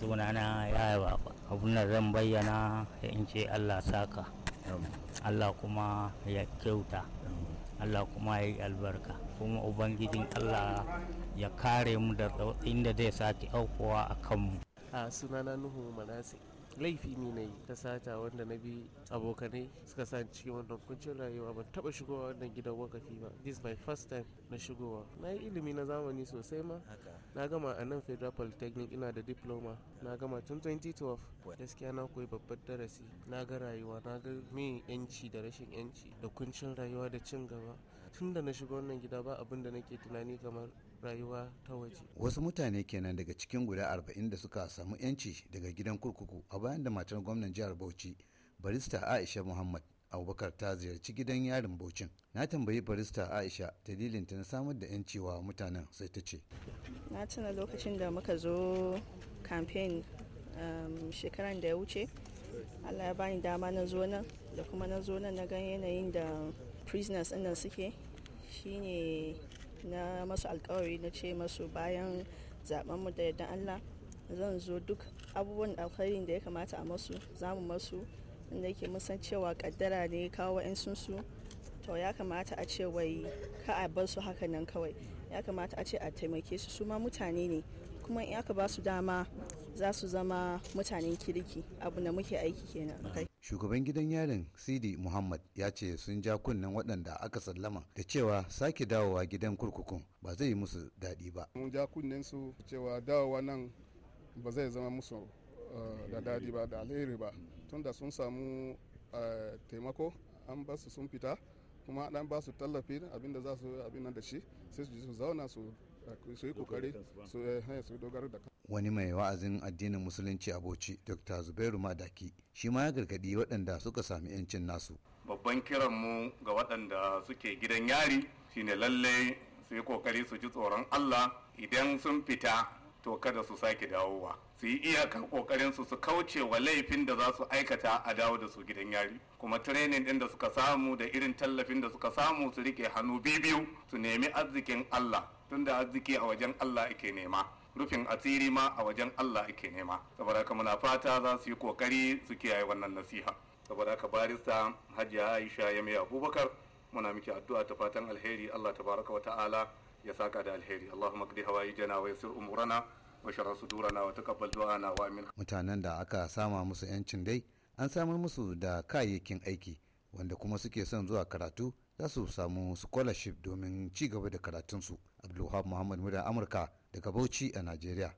sunana ya yi baba abin da zan bayyana in ce allah saka allah kuma ya kyauta allah kuma ya yi albarka kuma ubangijin allah ya kare mu da inda zai sake aukowa a kanmu a sunana nuhu manasi laifi ne na yi ta sata wanda na bi abokanai suka sa cikin wannan kuncin rayuwa ban taba shigowa wannan gidan wakafi ba this my first time na shigowa na yi ilimi na zamani sosai ma na gama a nan federal polytechnic ina da diploma na gama tun 2012 gaskiya na koyi babbar darasi na ga rayuwa na ga me yanci da rashin yanci da kuncin rayuwa da cin gaba tun da na shiga wannan gida ba abin da nake tunani kamar rayuwa ta waje wasu mutane kenan daga cikin guda 40 da suka samu yanci daga gidan kurkuku a bayan da matar gwamnan jihar bauchi barista aisha muhammad abubakar ta ziyarci gidan yarin bauchin na tambayi barista aisha dalilin ta na samar da yanci wa mutanen sai ta ce na tuna lokacin da muka zo kamfen um, shekaran da ya wuce allah ya bani dama na zo nan da kuma na zo nan na gan yanayin da prisoners nan suke shine na masu alkawari na ce masu bayan zaben mu da yardan allah zan zo duk abubuwan alkhairin da ya kamata a masu zamu masu inda yake mun cewa kaddara ne kawo wa'insu su to ya kamata a ce wai ka a bar su haka nan kawai ya kamata a ce a taimake su su ma mutane ne kuma in aka ba su dama za su zama mutanen kirki abu na muke aiki kenan kai shugaban gidan yarin sidi muhammad ya ce sun ja kunnen waɗanda aka sallama da cewa sake dawowa gidan kurkukun ba zai yi musu daɗi ba mun ja kunnen su cewa dawowa nan ba zai zama musu eh, da dadi ba da alheri ba tunda sun samu eh, taimako an ba su sun fita kuma dan ba su tallafi abinda za su abin nan da shi sai su su zauna su eh, su yi kokari su su dogara da wani mai wa'azin addinin musulunci a Bauchi Dr. Zubairu Madaki shi ma ya gargadi waɗanda suka sami yancin nasu babban kiran mu ga waɗanda suke gidan yari shine lalle su yi kokari su ji tsoron Allah idan sun fita to kada su sake dawowa su yi iyakar kokarin su su kauce wa laifin da za su aikata a dawo da su gidan yari kuma training din da suka samu da irin tallafin da suka samu su rike hannu biyu su nemi arzikin Allah tunda arziki a wajen Allah ake nema rufin asiri ma a wajen Allah ake nema saboda kuma muna fata za su yi kokari su kiyaye wannan nasiha saboda ka barista Hajiya Aisha ya mai Abubakar muna miki addu'a ta fatan alheri Allah tabaraka wa ta'ala ya saka da alheri Allahumma qdi hawaijana wa yassir umurana wa sharra sudurana wa taqabbal du'ana wa amin mutanen da aka sama musu yancin dai an samar musu da kayayyakin aiki wanda kuma suke son zuwa karatu za su samu scholarship domin ci gaba da karatunsu abdulwahab muhammad muda amurka daga bauchi a najeriya